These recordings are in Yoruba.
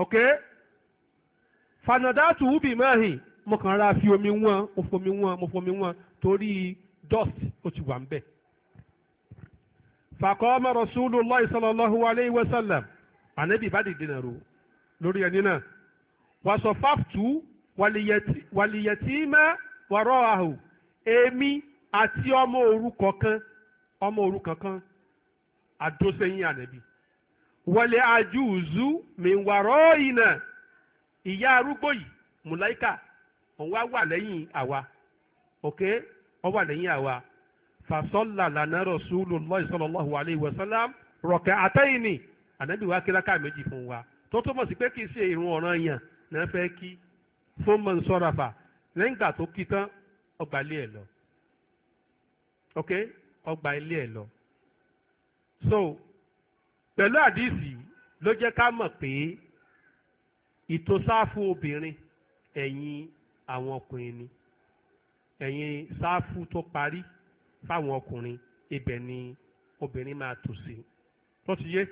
ok fanadatu ubi mahi mo kàn ra fi omi wọn mo fomi wọn mo fomi wọn torí dust otu ti wà ń bẹ̀. faqama rasulullah sallallahu alayhi wa sallam ànábì bá dìde náà ro lórí ẹni náà wàsọ fáftú wàlìyẹtìmẹ wàrọ àhù èmi àti ọmọ òrukàn kan ọmọ òrukàn kan wọlé àjùzú uzu ìnà ìyá arúgbó yìí mùláìkà òun wá wà lẹ́yìn àwa ok ó wà lẹ́yìn àwa fasọ́là lànà Rasulullahi sallallahu alayhi wa rọ̀kẹ́ àtẹ́yìnì ànábì wa kíláka méjì fún wa tó túmọ̀ sí pé kì í ṣe náà fẹ́ kí fún so pẹ̀lú àdìsí ló jẹ́ ká mọ̀ pé ìtòsáfù obìnrin ẹ̀yìn àwọn ọkùnrin ni ẹ̀yìn sáfù tó parí fáwọn ọkùnrin ibẹ̀ ni obìnrin máa tò sí tó ti yé.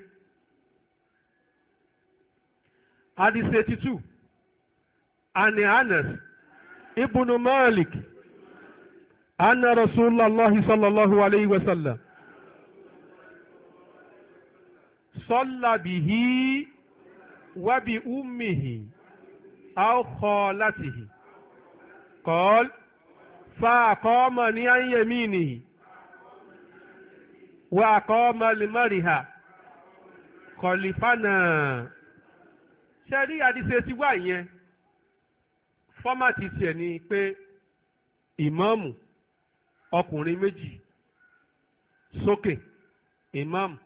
Hadith eighty two Ani Anas Ibn Malik Anna Rasulallah sallallahu alayhi wa sallam. sọ́lábìhí wábí úmìhì àókọ́ látìhì kọ́l fàákọ́ọ́mọ̀ ní ayẹ̀mí nìyí wàákọ́ọ́mọ̀ lèmọ́rìhà kọ̀lìfánà ṣe rí àdìsẹ ti wá yẹn fọ́màtì tiẹ̀ ni pé ìmáàmù ọkùnrin méjì sókè ìmáàmù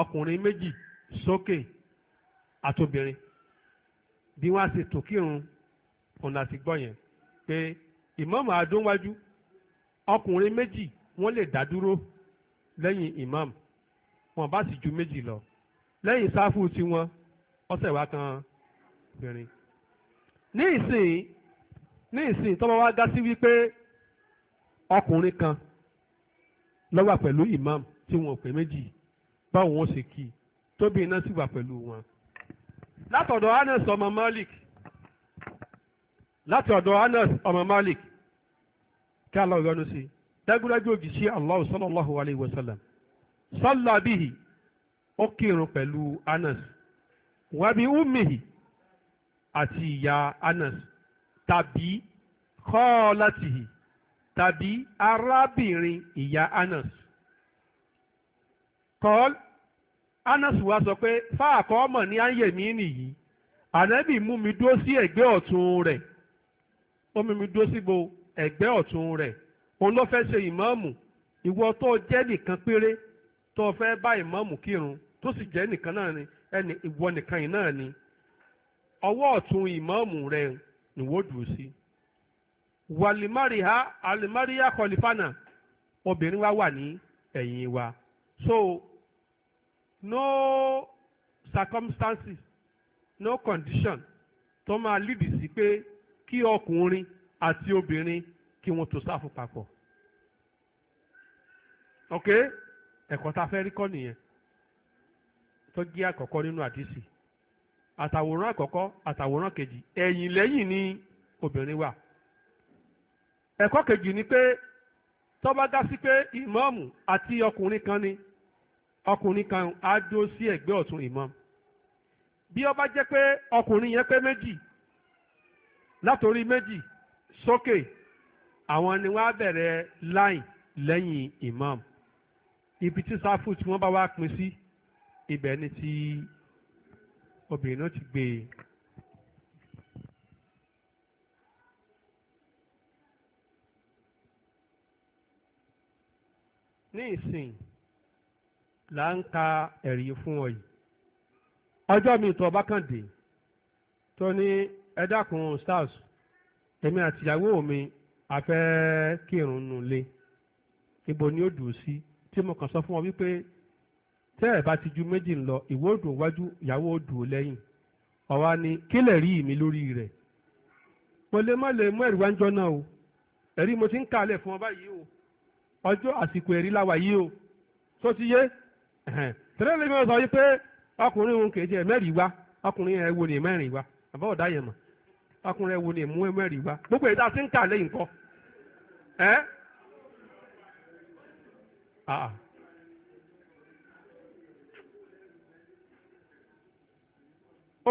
ọkùnrin méjì sókè àtobìnrin bí wọ́n á sì tò kírun òun àti gbọ́ yẹn pé ìmáàmù àdúnwájú ọkùnrin méjì wọ́n lè dá dúró lẹ́yìn ìmáàmù wọn bá sì ju méjì lọ lẹ́yìn sáfù tiwọn ọ̀sẹ̀ wá kan obìnrin. ní ìsìn ní ìsìn tọ́mọ wa dá sí wípé ọkùnrin kan ló wà pẹ̀lú ìmáàmù tí wọn ò pè méjì yìí báwọn ó ṣe kí tóbi iná sì wà pẹ̀lú wọn. látọ̀dọ̀ Anas ọmọ Malik látọ̀dọ̀ Anas ọmọ Malik kí Allah yọ́nú sí dágúdájú òjìṣẹ́ Allah sallallahu alayhi wa sallam salla bihi ó kírun pẹ̀lú Anas wàbí ummihi àti ìyá Anas tàbí kọ́ọ̀látìhì tàbí arábìnrin ìyá Anas. kọ́ọ́l anásù wa sọ pé fáàkọ́ ọmọ ní áyèmí nìyí ànábì mú mi dúró sí otun ọ̀tún rẹ̀ ó mú mi dúró síbo ẹ̀gbẹ́ ọ̀tún rẹ̀ òun ló fẹ́ ṣe ìmáàmù ìwọ tó jẹ́ nìkan péré tó fẹ́ bá ìmáàmù kírun tó sì jẹ́ nìkan náà ni ẹni ìwọ nìkan yìí náà ni ọwọ́ ọ̀tún ìmáàmù rẹ̀ nìwó dùn sí kọlifánà wa wà ní wa so no circumstances no condition tó máa lead sí pé kí ọkùnrin àti obìnrin kí wọ́n tó sáfù papọ̀ ok ẹ̀kọ́ tá a fẹ́ rí kọ́ nìyẹn tó jẹ́ àkọ́kọ́ nínú àdìsí àtàwòrán àkọ́kọ́ àtàwòrán kejì ẹ̀yìn lẹ́yìn ni obìnrin wà ẹ̀kọ́ kejì ni pé tó bá dá sí pé ìmáàmù àti ọkùnrin kan ni ọkùnrin kan á dúró sí ẹ̀gbẹ́ ọ̀tún imam bí ó bá jẹ́ pé ọkùnrin yẹn pé méjì látòrí méjì sókè àwọn ni wọ́n á bẹ̀rẹ̀ line lẹ́yìn imam ibi tí sáfù tí wọ́n bá wá pín sí ibẹ̀ ni tí obìnrin náà ti gbé e. ní ìsìn là ń ka ẹ̀rí fún ọ yìí ọjọ́ mi tó ọba tó ní ẹ stars èmi àtìyàwó mi àfẹ́ kírun nulẹ̀ ibo ni ó dùn sí tí mo kàn sọ fún ọ wípé tẹ́ ẹ̀ bá ti ju méjì ń lọ ìwọ ó dùn wájú ìyàwó ó dùn lẹ́yìn ọ̀wá ni kí lè rí mi lórí rẹ̀ mo lè má lè mú ẹ̀rí wá náà o ẹ̀rí mo ti ń kàlẹ̀ fún ọ báyìí o ọjọ́ àsìkò ẹ̀rí láwa yìí o tó ti yé. tẹ́lẹ̀ lè máa sọ yí pé ọkùnrin òun kèjì ẹ̀ mẹ́rin wá ọkùnrin ẹ̀ wo ni mẹ́rin wá àbá ọ̀dá yẹn mọ̀ ọkùnrin ẹ̀ wo ni mú mẹ́rin wá gbogbo ìdá tí ń kà lẹ́yìn kọ́ ẹ́ àà.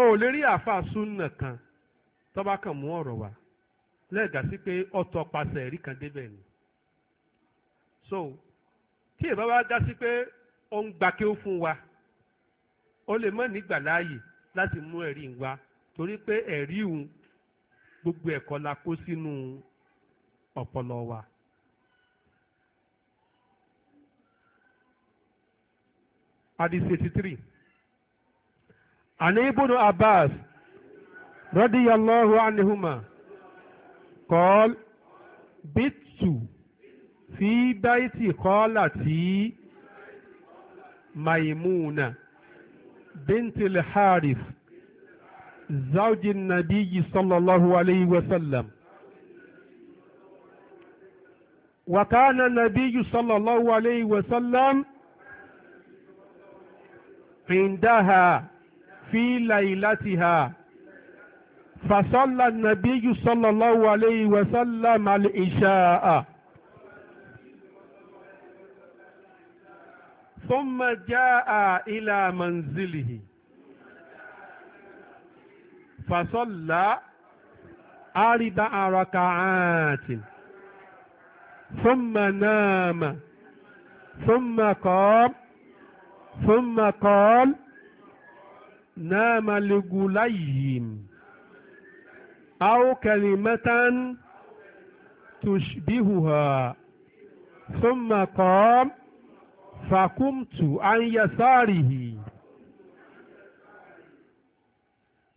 o ò lè rí àáfàá súnà kan tọbakọ bá kàn mú ọ̀rọ̀ wá lẹ́ẹ̀gà pé ọ̀tọ̀ pàṣẹ ẹ̀rí kan débẹ̀ ni so tí ìbá wa dá sí pé o n gbakee o fun wa o le me nigba laa ye lati mu eri nwa tori pe eri un gbogbo ekola ko sinu un opolo ọwa 23. anii budu abbas rugeeyi allah ani humna kọl bitu fi daa eti ti. ميمونة بنت الحارث زوج النبي صلى الله عليه وسلم وكان النبي صلى الله عليه وسلم عندها في ليلتها فصلى النبي صلى الله عليه وسلم العشاء ثم جاء إلى منزله فصلى أربع ركعات ثم نام ثم قام ثم قال نام لغليم أو كلمة تشبهها ثم قام fakumtu an yasarihi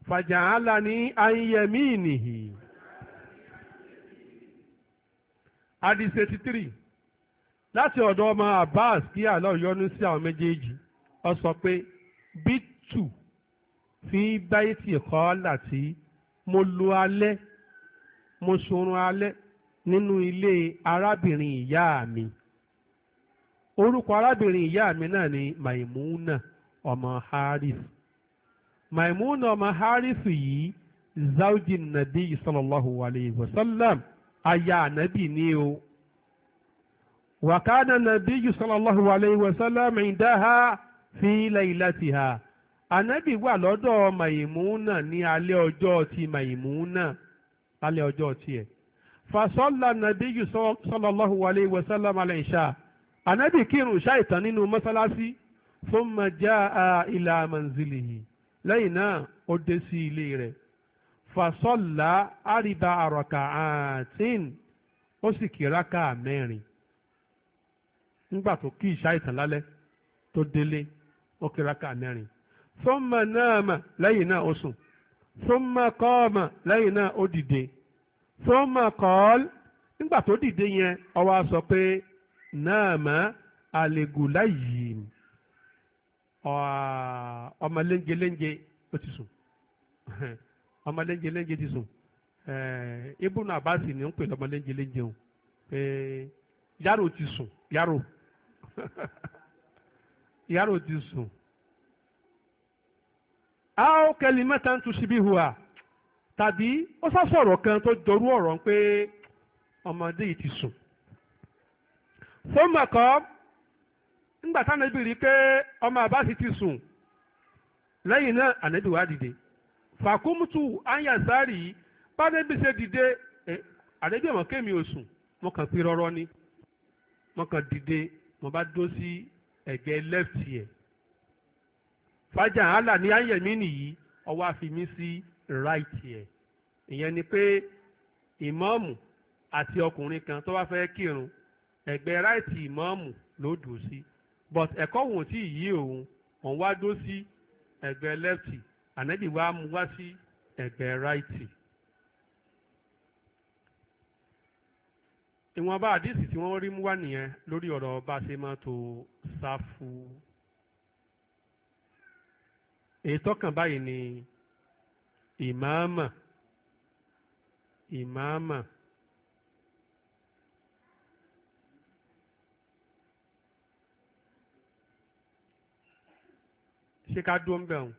faja'alani an yaminihi hadith 83 láti ọ̀dọ̀ ọmọ abbas kí àlọ́ yọ́nú sí àwọn méjèèjì ó sọ pé bítù fi báyìtì kọ́ láti mo lo alẹ́ mo sorun alẹ́ nínú ilé arábìnrin ìyá mi orúkọ arábìnrin ìyá mi náà ni maimuna ọmọ haris maimuna ọmọ haris yìí zaujin nabi sallallahu alayhi wa sallam aya anabi ni o wakana nabi sallallahu alayhi wa sallam indaha fi laylatiha anabi wà lọ́dọ̀ maimuna ní alẹ́ ọjọ́ ti maimuna alẹ́ ọjọ́ tiẹ̀ fasọ́lá nabi sallallahu alayhi wa sallam alayhi wa sallam. ànábì kiru ṣáìtàn nínú mọ́sálásí fún mọ̀já ilà mọ̀nzìlì yìí lẹ́yìn náà ó dé sí ilé rẹ̀ fasọ́lá àríba àrọ̀kà àtín ó sì kí rákà mẹ́rin nígbà tó kí ìṣáìtàn lálẹ́ tó délé ó kí rákà mẹ́rin sọ́mọ náà mà lẹ́yìn náà ó sùn kọ́ mà lẹ́yìn náà ó dìde nígbà tó dìde yẹn sọ pé náàmà àlègùláyìn ọmọ léńjeléńje ó ti sùn ọmọ léńjeléńje ti sùn eh, ibùnú àbáṣì ni ó ń pè lọmọ léńjeléńje o eh, yàrá ti sùn yàrá yàrá ti sùn. a tàbí ó sá kan tó jọrú ọ̀rọ̀ pé ọmọdé yìí fóònù ẹ̀kọ́ ńgbà táwọn rí i ọmọ àbá sì ti sùn lẹ́yìn náà ànábì dide dìde fàkúmùtù ányàsárì bánẹ́bí ṣe dìde ànábì ọmọ kémi ò sùn mo kàn rọrọ ni mo kàn dìde mo bá dó sí ẹ̀gbẹ́ lẹ́fìtì ẹ̀ fájà hálà ní ányẹ̀mí nìyí ọwọ́ àfimí sí ráìtì ẹ̀ ìyẹn ni pé ìmọ̀ọ̀mù àti ọkùnrin kan tó bá fẹ́ kírun ẹ̀gbẹ́ ráìtì ìmọ̀ọ́mù ló dùn sí but ẹ̀kọ́ wọn tí yí òun òun wá dó sí ẹ̀gbẹ́ lẹ́fìtì ànábì wá mú wá sí ẹ̀gbẹ́ ráìtì. ìwọ̀nba àdìsí tí wọ́n rí mú wá nìyẹn lórí ọ̀rọ̀ bá ṣe máa tó sáfù. èyí tọ́kàn báyìí ni ìmáàmà ìmáàmà. ṣé ká dúró ń bẹ̀ hùn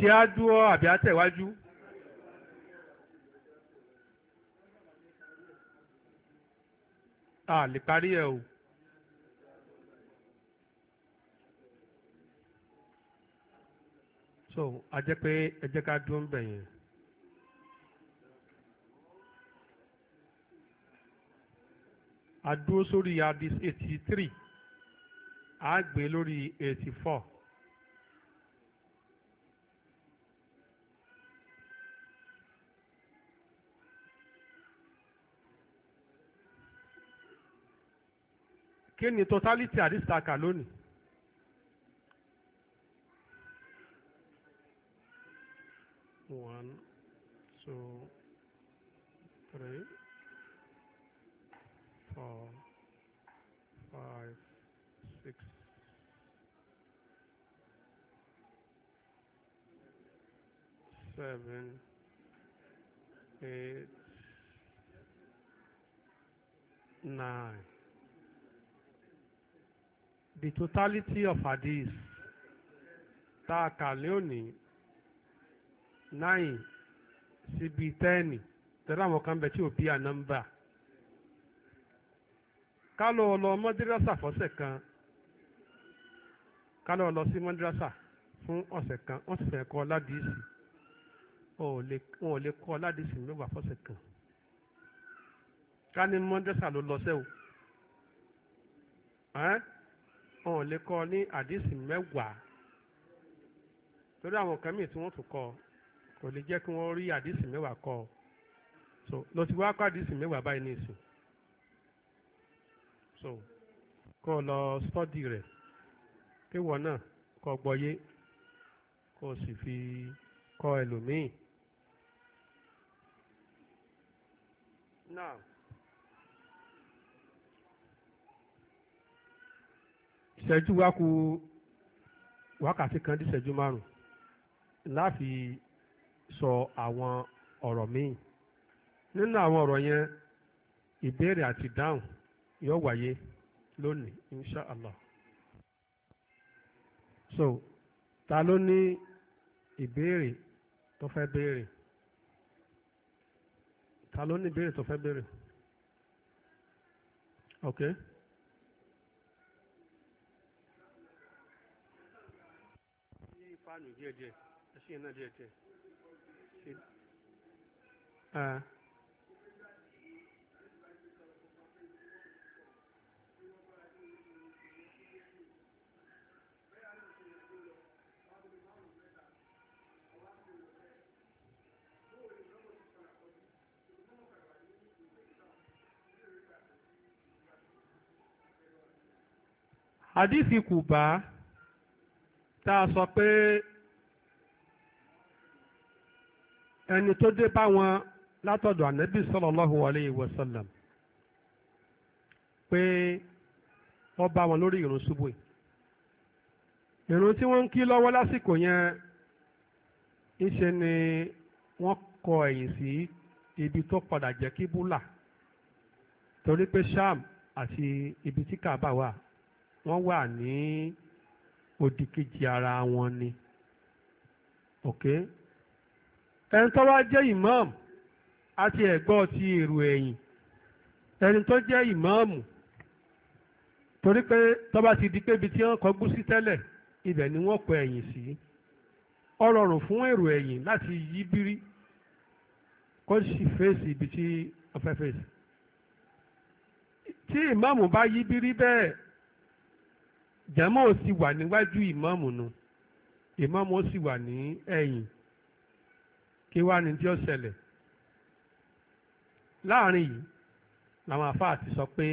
ṣé á dúró àbí á tẹ̀wájú. a lè parí ẹ o. so a jẹ́ pé ẹ jẹ́ ká dúró ń bẹ̀ yẹn. a dúró sórí adis eighty three a gbé lórí eighty four. kí ni totality àdìsítàkà lónìí. one two three four. seven, eight, nine. The totality of hadith tá a kà nine, nine síbi ten tẹ̀lé àwọn kan bẹ̀ tí ò bí a nọ́mbà. ká lọ lọ mọ́dírásà fọ́sẹ̀ kan ká lọ lọ sí mọ́dírásà fún ọ̀sẹ̀ kan wọ́n sì fẹ́ kọ́ ládìísì wọn ò lè kọ́ ládìsí mẹ́wàá fọ́sẹ̀ kan ká ní mọ́dẹ́sà ló lọ sẹ́wọ̀ wọn ò lè kọ́ ní àdìsí mẹ́wàá torí àwọn kan mìíràn tí wọ́n tún kọ́ kò lè jẹ́ kí wọ́n rí àdìsí mẹ́wàá kọ́ ọ so lọ ti wá kọ́ àdìsí mẹ́wàá báyìí ní ìsìn so kọ́ ọ lọ stọ́dì rẹ̀ kéwọ́ náà kọ́ gbọ́yé kó o sì fi kọ́ ẹlòmíì. نعم ìṣẹ́jú wa kù wákàtí kan díṣẹ́jú márùn láfi sọ àwọn ọ̀rọ̀ míì nínú àwọn ọ̀rọ̀ yẹn ìbéèrè àti dáhùn yóò wáyé lónìí inshàlá so ta ló ní ìbéèrè tó fẹ́ ta ló ní ìbéèrè tó fẹ́ béèrè ok. ní àdìsí kùbá tá a sọ pé ẹni tó dé bá wọn látọ̀dọ̀ ànábì sallallahu alayhi wa sallam pé wọ́n bá wọn lórí ìrun ṣubú yìí ìrun tí wọ́n ń kí lọ́wọ́ lásìkò yẹn ńṣe ni wọ́n kọ ẹ̀yìn sí ibi tó padà jẹ́ kíbúlà torí pé sham àti ibi tí kaaba wà wọ́n wà ní òdìkejì ara wọn ni ok ẹni tó wá jẹ́ imam àti ẹ̀gbọ́ ti èrò ẹ̀yìn ẹni tó jẹ́ imam torí pé tó bá ti di pé ibi tí wọ́n kọjú sí tẹ́lẹ̀ ibẹ̀ ni wọ́n kọ ẹ̀yìn sí ó rọrùn fún èrò ẹ̀yìn láti yí bírí kó sì fèsì ibi tí wọ́n fẹ́ fèsì tí ìmáàmù bá yí bírí bẹ́ẹ̀ jàmọ́ ò si wà níwájú ìmáàmù nu ìmáàmù ó si wà ní ẹ̀yìn kí wá ní tí ó ṣẹlẹ̀ láàrin yìí làwọn àfáà ti sọ pé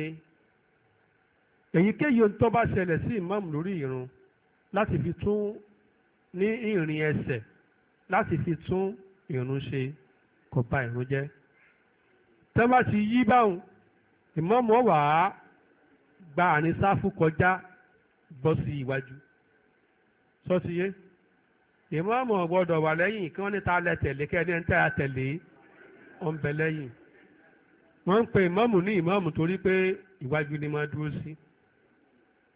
èyíkéyìí ohun tó bá ṣẹlẹ̀ sí ìmáàmù lórí ìrun láti fi tún ní ìrìn ẹsẹ̀ láti fi tún ìrun ṣe kò bà ìrun jẹ́ tẹ́ bá ti yí báwọn ìmáàmù ó gba àrin kọjá bọ́ sí iwájú sọ́tiyé ìmáàmù ọ̀gbọ́dọ̀ wà lẹ́yìn kí wọ́n ní ta lẹ tẹ̀lé kẹ́ni ẹni tá a tẹ̀lé ọ̀nbẹ lẹ́yìn wọ́n ń pe ìmáàmù ní ìmáàmù torí pé iwájú ni máa dúró sí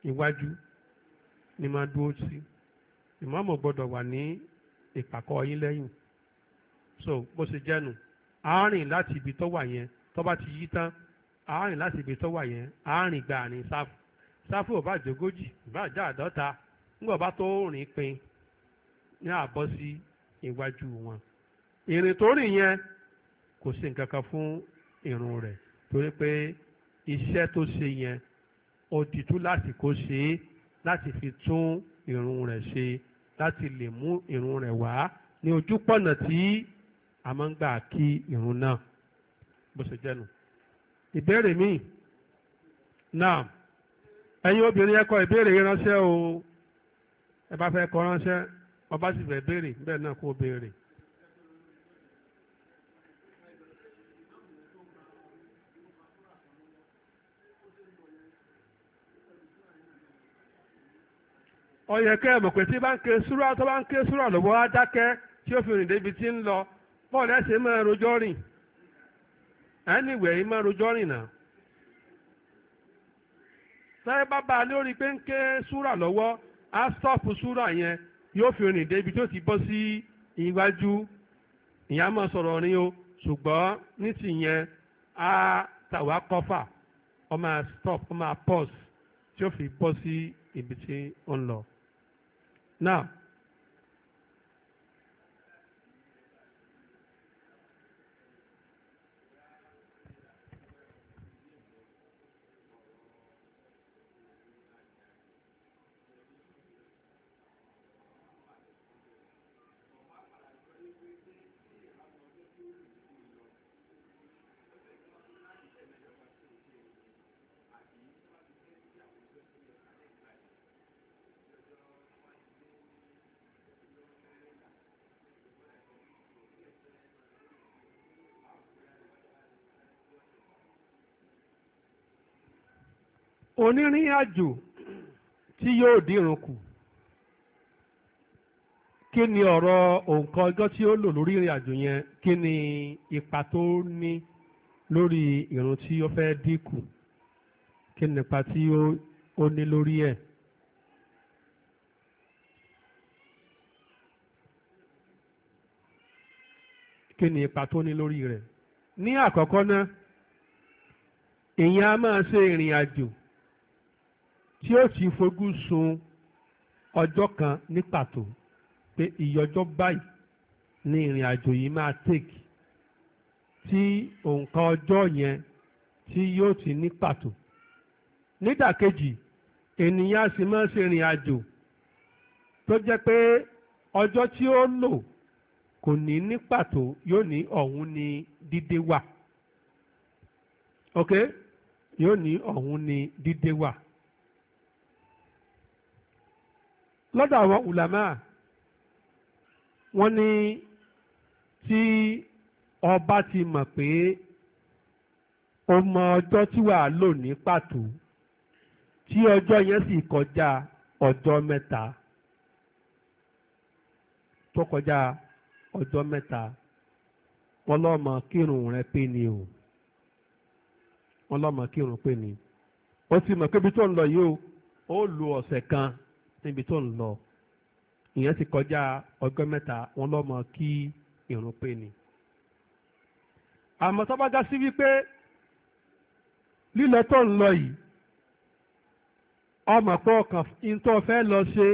iwájú ni máa dúró sí ìmáàmù ọ̀gbọ́dọ̀ wà ní ìpàkọ́ yín lẹ́yìn so bó ṣe jẹ́nu àárín láti ibi tó wà yẹn tó bá ti yí tán àárín láti ibi tó wà yẹn àárín gba àárín sáfù sáfù ò bá jogójì ìbá àjá àdọ́ta ńgbọ̀ bá tó rìn pin ní àbọ̀ sí iwájú wọn ìrìn tó rìn yẹn kò sí nǹkan kan fún ìrun rẹ̀ torí pé iṣẹ́ tó ṣe yẹn ó ti tú láti kó ṣe é láti fi tún ìrun rẹ̀ ṣe láti lè mú ìrun rẹ̀ wá ní ojúpọ̀nà tí a máa ń gbà kí ìrun náà bó ṣe jẹ́nu ìbéèrè míì náà. ẹ̀yin obìnrin ẹ ìbéèrè yín ránṣẹ́ o ẹ bá fẹ́ kọ ránṣẹ́ ọba sì fẹ́ béèrè bẹ́ẹ̀ náà kó béèrè. ọyẹ kẹ tí bá ń ké súrà tó bá ń ké súrà lọ́wọ́ á dákẹ́ tí ó fi rìn débi tí ń lọ bọ́ọ̀lù ẹ̀sìn tẹ́ bá bá a lórí pé ń ké súrà lọ́wọ́ á stọ́ọ̀pù súrà yẹn yóò fi rìn débi tó ti bọ́ sí iwájú ìyá máa sọ̀rọ̀ ni o ṣùgbọ́n ní ti yẹn á tàwa kọ́fà ọ máa stop ọ máa pause tí ó fi bọ́ sí ibi tí ó ń lọ. now onírìn àjò tí yóò dírun kù kí ni ọ̀rọ̀ òǹkà ọjọ́ tí ó lò lórí ìrìn àjò yẹn kí ni ipa tó ní lórí ìrun tí ó fẹ́ dínkù kí ni ipa tí ó ní lórí ẹ̀. kí ni ipa tó ní lórí rẹ̀ ní àkọ́kọ́ náà èèyàn á máa ṣe ìrìn àjò tí ó ti fojú sun ọjọ́ kan ní pàtó pé ìyọjọ́ báyìí ni ìrìn àjò yìí máa tèkì tí òǹkà ọjọ́ yẹn tí yóò ti ní pàtó nídàkejì ènìyàn sì máa ṣe ìrìn àjò tó jẹ́ pé ọjọ́ tí ó lò kò ní ní pàtó yóò ní ọ̀hún ni dídé wà ok yóò ní ọ̀hún ni dídé wà. lọ́dọ̀ àwọn ulama wọ́n ní tí ọba ti mọ̀ pé ó mọ ọjọ́ tí wàá lò ní pàtó tí ọjọ́ yẹn sì kọjá ọjọ́ mẹ́ta tó kọjá ọjọ́ mẹ́ta wọ́n lọ́mọ kírun rẹ pé ni o wọ́n lọ́mọ kírun pé ni o sì mọ̀ pé ibi tó ń lọ yìí o ó lu ọ̀sẹ̀ kan níbi tó ń lọ ìyẹn ti kọjá ọjọ́ mẹ́ta wọn lọ́mọ kí irun pé ni. àmọ́ sábà sí wípé lílọ tó ń lọ yìí ọmọ pé ọkàn ìtọ́ fẹ́ lọ ṣe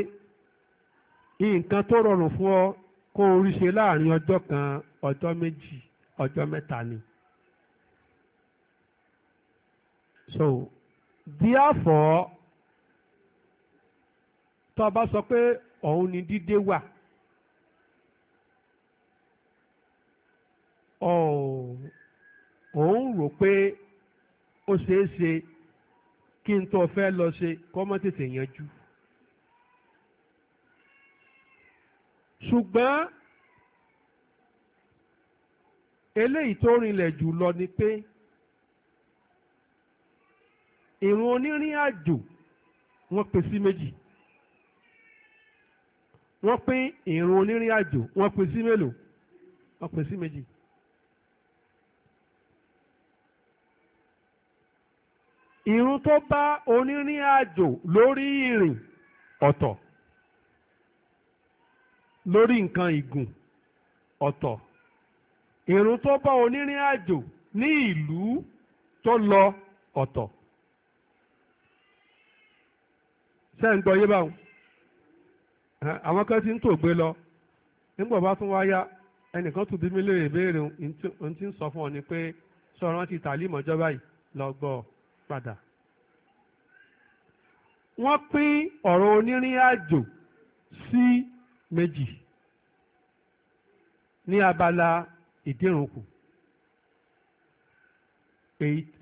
nǹkan tó rọrùn fún ọ kó o rí ṣe láàrin ọjọ́ kan ọjọ́ méjì ọjọ́ mẹ́ta ni. so therefore tó bá sọ pé ọ̀hún ni dídé wà òun rò pé ó ṣeé ṣe kí n tó fẹ́ lọ ṣe kọ́ mọ́ tètè yanjú. ṣùgbọ́n eléyìí tó rinlẹ̀ jù lọ ni pé ìrun onírìn àjò wọ́n pè sí méjì wọ́n pín ìrun onírìn àjò wọ́n pín sí mélòó wọ́n pín sí méjì. ìrun tó bá onírìn àjò lórí ìrìn ọ̀tọ̀ lórí nǹkan ìgùn ọ̀tọ̀ ìrun tó bá onírìn àjò ní ìlú tó lọ ọ̀tọ̀ ṣé ń gbọ́ àwọn kan ti ń tògbé lọ nígbà bá tún wáyá ẹnìkan tún bí mi léèrè béèrè ohun tí ń sọ fún ọ ni pé sọ̀rọ̀ ti tàlí ìmọ̀jọba yìí lọ gbọ́ padà. wọ́n pín ọ̀rọ̀ onírìn àjò sí méjì ní abala ìdírùnkù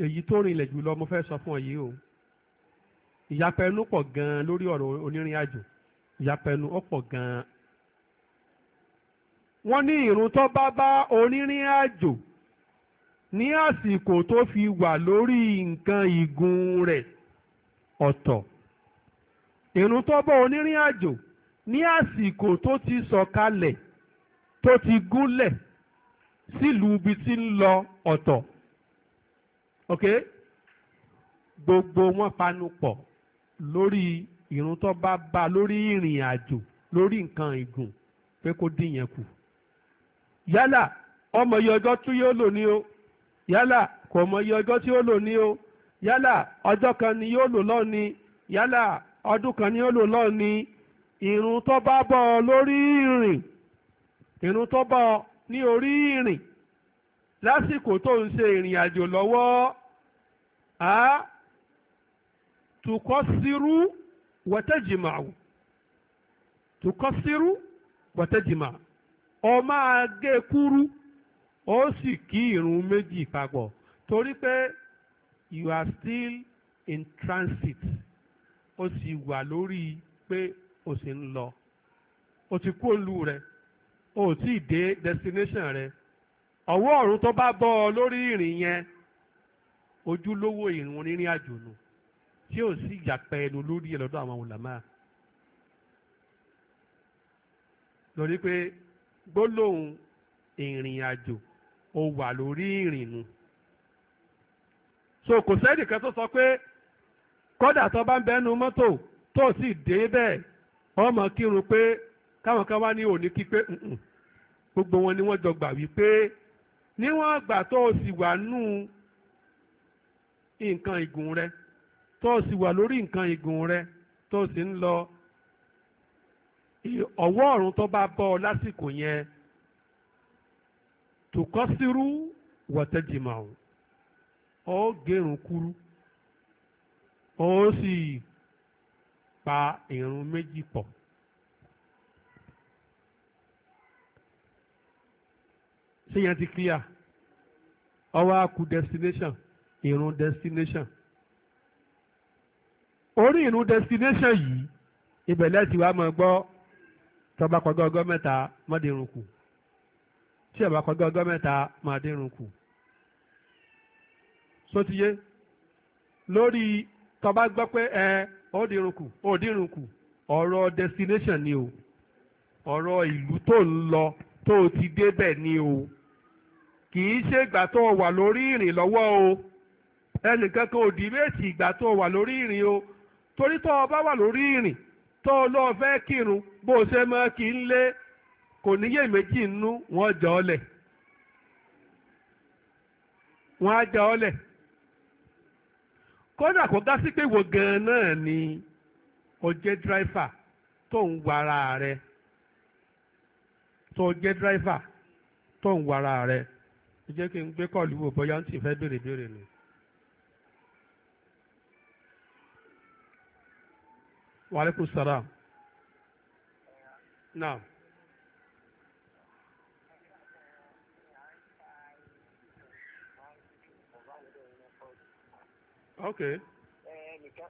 èyí tó rinlẹ̀ jùlọ mo fẹ́ sọ fún ọ yìí o ìyapẹ̀ẹ́nú pọ̀ gan-an lórí ọ̀rọ̀ onírìn àjò ìyapẹnu ọ̀pọ̀ gan-an. wọ́n ní ìrun tó bá bá onírìn àjò ní àsìkò tó fi wà lórí nǹkan ìgùn rẹ̀ ọ̀tọ̀ ìrun tó bá onírìn àjò ní àsìkò tó ti sọ̀kalẹ̀ tó ti gúnlẹ̀ sílùú ibi tí ń lọ ọ̀tọ̀ ok gbogbo wọn panu pọ̀ lórí ìrun tó bá bá lórí ìrìn àjò lórí nǹkan ìgùn pé kó dín yẹn kù yálà ọmọ iye ọjọ́ tí yóò lò ní o yálà kò mọ iye ọjọ́ tí yóò lò ní o yálà ọjọ́ kan ni yóò lò lọ́ọ̀ni yálà ọdún kan ni yóò lò lọ́ọ̀ni ìrun tó bá bọ́ ọ lórí ìrìn ìrun tó bọ́ ní orí ìrìn lásìkò tó ń ṣe ìrìn àjò lọ́wọ́ a tukọ̀ sírú wọ́tẹ́jìmọ̀ tukọ́sírú wọ́tẹ́jìmọ̀ ọ máa gé kúrú ó sì kí irun méjì papọ̀ torí pé you are still in transit ó sì wà lórí pé ó sì ń lọ ó ti kú olú rẹ ó ti dé destination rẹ ọwọ́ ọ̀run tó bá bọ́ ọ lórí ìrìn yẹn ojúlówó ìrìn onírìn àjò nù tí ò sí ìjàpẹ́ ẹnu lórí ẹ̀ lọ́dọ̀ àwọn ulama lórí pé gbólóhùn ìrìn àjò ó wà lórí ìrìn nu so kò sẹ́nìkan tó sọ pé kódà tó bá ń bẹ́nu mọ́tò tó sì dé bẹ́ẹ̀ ọmọ kírun pé káwọn kan wá ní òní kí pé gbogbo wọn ni wọ́n jọ gbà wípé níwọ̀n àgbà tó o sì wà nù nǹkan ìgùn rẹ̀ tó o sì wà lórí nǹkan igun rẹ tó o sì ń lọ ọwọ́ ọ̀run tó bá bọ́ ọ lásìkò yẹn tòkọ́ sírú wọ̀tẹ́jìmọ̀ ọ́ gẹ̀rùn kúrú ó sì pa irun méjì pọ̀. ṣé yẹn ti clear ọwọ́ á ku destination irun destination. orí ìrun destination yìí ìbẹ̀lẹ̀ tí wàá mọ̀ gbọ́ tọba kọjá ọgọ́ mẹ́ta mọ́dẹ̀rùn kù tí ọba kọjá ọgọ́ mẹ́ta mọ́dẹ̀rùn kù sotiye lórí tọba gbọ́ pé ẹ ọdẹrùn kù ọdẹrùn kù ọ̀rọ̀ destination ni o ọ̀rọ̀ ìlú tó ń lọ tó o ti débẹ̀ ni o kì í ṣe ìgbà tó wà lórí ìrìn lọ́wọ́ o ẹnìkan kan ò dìbẹ́ẹ̀tì ìgbà tó wà lórí ìrìn o torí tọ́ ọba wà lórí ìrìn tó o fẹ́ kírun bó o ṣe mọ́ kí n lé kò níyè méjì nínú wọ́n ọlẹ̀ á jà kódà kó sí pé wo gan-an náà ni o jẹ́ dírẹ́fà tó ń rẹ̀ tó kí n gbé kọ́ọ̀lù wò ń tì fẹ́ Wàlékún sàrà. Náà. Ok. Ẹnìkan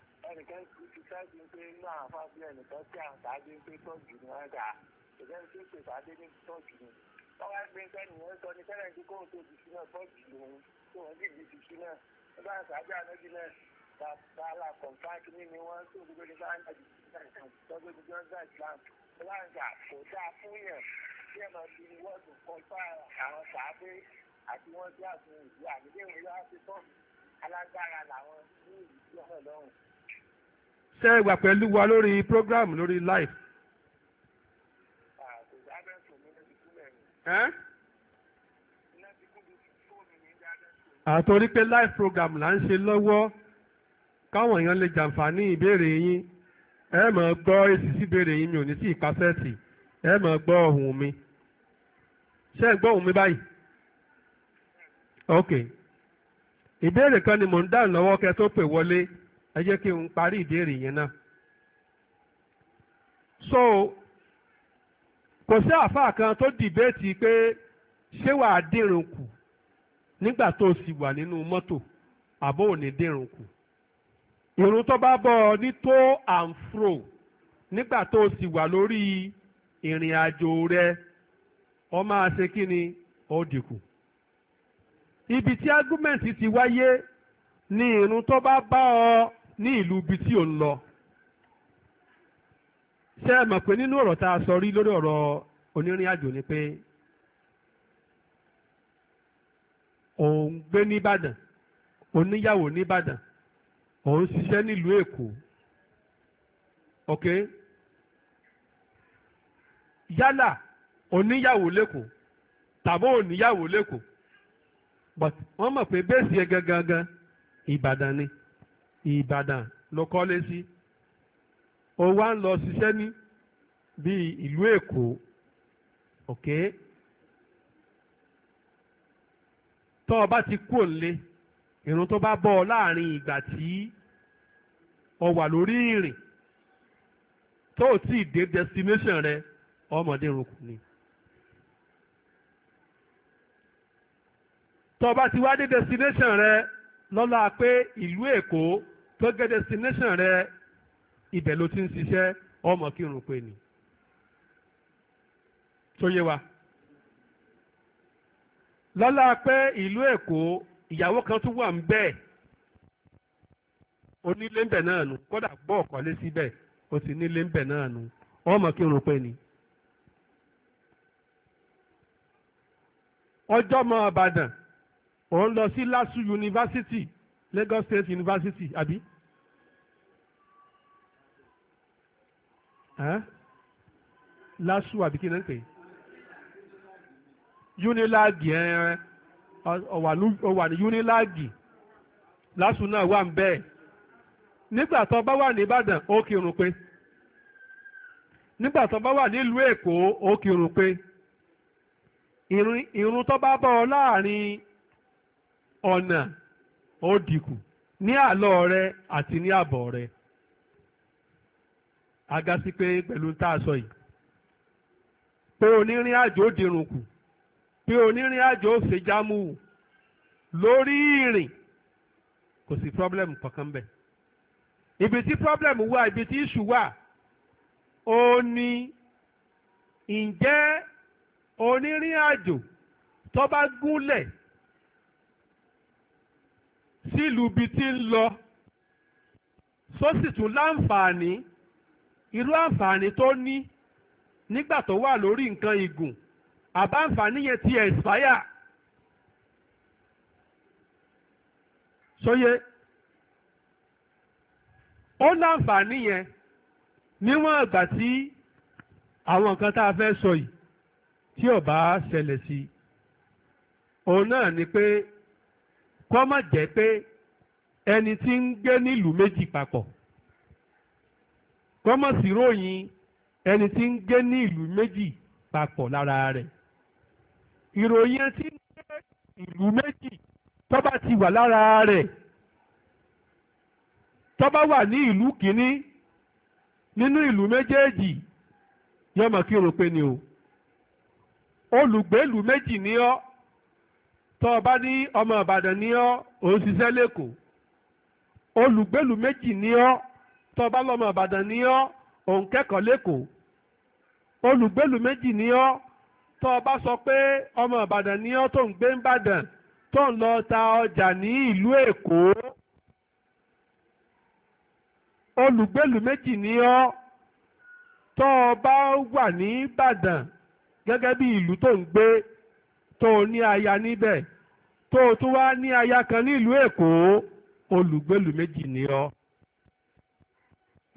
tààlà kọ̀ǹtàkì nínú wọn tó gbogbo ní báyìí láti tọ́jú gbogbo ọjà islam láǹgà kò dáa fún yẹn tí ẹ máa fi wọ́ọ̀dù kọjá àwọn sàábé àti wọ́n jẹ́ àfihàn ìlú àgbéléwò yóò fi tọ́ọ̀mù alágbára làwọn ní ìlú tí wọ́n lọ́rùn. ṣé ẹ wà pẹ̀lú wa lórí program lórí live. Ah, kò dábẹ́ sùn ní ẹ̀sìnkú mẹ́rin. ẹ́ àtòrí pé live program là ń ṣe lọ́wọ́. káwọn èèyàn lè jàǹfààní ìbéèrè yín ẹ máa gbọ́ èsì síbéèrè yín mi ò ní sí ìkásẹ́ẹ̀tì ẹ máa gbọ́ ohùn mi ṣé ẹ gbọ́ ohùn mi báyìí ok ìbéèrè kan ni mò ń dáhùn lọ́wọ́ kẹ́ tó pè wọlé ẹ jẹ́ kí n parí ìbéèrè yẹn náà so kò sí àáfàá kan tó dìbéètì pé ṣé wà á dìrùn kù nígbà tó o sì wà nínú mọ́tò àbó ò ní dìrùn kù irun tó bá bọ ọ ní tó and fro nígbà tó o sì wà lórí ìrìn àjò rẹ ọ máa ṣe kí ni ó dínkù. ibi tí ágúmẹ̀ntì ti wáyé ni irun tó bá bá ọ ní ìlú ibi tí ò ń lọ. ṣé ẹ mọ̀ pé nínú ọ̀rọ̀ tá a sọ rí lórí ọ̀rọ̀ onírìn àjò ni pé òun gbé oníyàwó ò ń ṣiṣẹ́ nílùú èkó ok yálà oníyàwó lẹ́kọ̀ọ́ tàbí oníyàwó lẹ́kọ̀ọ́ but wọ́n mọ̀ pé bẹ́ẹ̀sì yẹn gangan ìbàdàn ni ìbàdàn ló kọ́lé sí ó wá ń lọ ṣiṣẹ́ ní bíi ìlú èkó ok tọ́ ọ bá ti kú òǹlé irun tó bá bọ́ ọ láàrin ìgbà tí ọ wà lórí ìrìn tó ò tí ì dé destination rẹ ọmọdé runkun ni. tó bá ti wá dé destination rẹ lọ́la pé ìlú Èkó tó gé destination rẹ ibẹ̀ ló ti ń ṣiṣẹ́ ọmọ kírun pé ni. tó yé wa lọ́la pé ìlú Èkó ìyàwó kan tún wà ń bẹ́ẹ̀ onílé ń bẹ̀ náà nù kódà gbọ́ ọ̀kọ́lé síbẹ̀ o sì nílé ń bẹ̀ náà nù ọmọ kí irun pé ni. ọjọ́ mọ Ìbàdàn ò ń lọ sí LASU yunifásitì Lagos State University àbí. LASU àbí kí ni ń pè é unilag yẹn ọ̀wà ní unilag lásùn náà wà ń bẹ́ẹ̀ nígbà tó wà ní Ìbàdàn ó kírun pé nígbà tó bá wà nílùú Èkó ó kírun pé irun tó bá bọ́ ọ láàrin ọ̀nà ó dìkù ní àlọ́ rẹ àti ní àbọ̀ rẹ pé pẹ̀lú tá pé onírìn àjò ó ṣe jámù lórí ìrìn kò sí pọ́blẹ́mù kankan bẹ̀. ibi tí pọ́blẹ́mù wà ibi tí ìṣù wà ó ní ǹjẹ́ onírìn àjò tó bá gúnlẹ̀ sílùú ibi tí ń lọ sósì tún láǹfààní irú àǹfààní tó ní nígbà tó wà lórí nǹkan ìgùn àbáǹfààní yẹn ti expire sóye ó láǹfààní yẹn níwọ̀n àgbà tí àwọn nǹkan tá a fẹ́ sọ yìí tí ó bá ṣẹlẹ̀ sí òun náà ni pé kọ́ má jẹ́ pé ẹni tí ń gbé nílùú méjì papọ̀ kọ́ má sì ròyìn ẹni tí ń gbé nílùú méjì papọ̀ lára rẹ̀ ìròyìn tí ń gbé ìlú méjì tó bá ti wà lára rẹ̀ tó wà ní ìlú kìíní nínú ìlú méjèèjì yóò mọ̀ kí o rò pé ni o olùgbé ìlú méjì ni ọ́ tó o bá ní ọmọ Ìbàdàn ni ọ́ ò ń ṣiṣẹ́ lẹ́kọ̀ọ́ olùgbé ìlú méjì ni ọ́ tó lọ́mọ Ìbàdàn ni ọ́ ò ń kẹ́kọ̀ọ́ lẹ́kọ̀ọ́ olùgbé méjì ni ọ́ tó o bá sọ pé ọmọ ìbàdàn ni ọ́ tó ń gbé ń bàdàn tó ń lọ ta ọjà ní ìlú èkó olùgbèlú méjì ni ọ́ tó bá wà ní ìbàdàn gẹ́gẹ́ bí ìlú tó ń gbé tó ní aya níbẹ̀ tó o tún wá ní aya kan ní ìlú èkó olùgbèlú méjì ni ọ́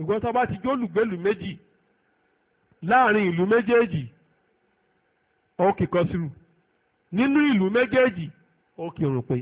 ìgbọ́n tó bá ti jó olùgbèlú méjì láàrin ìlú méjèèjì ó kì kọ́sùrù nínú ìlú méjèèjì ó pé.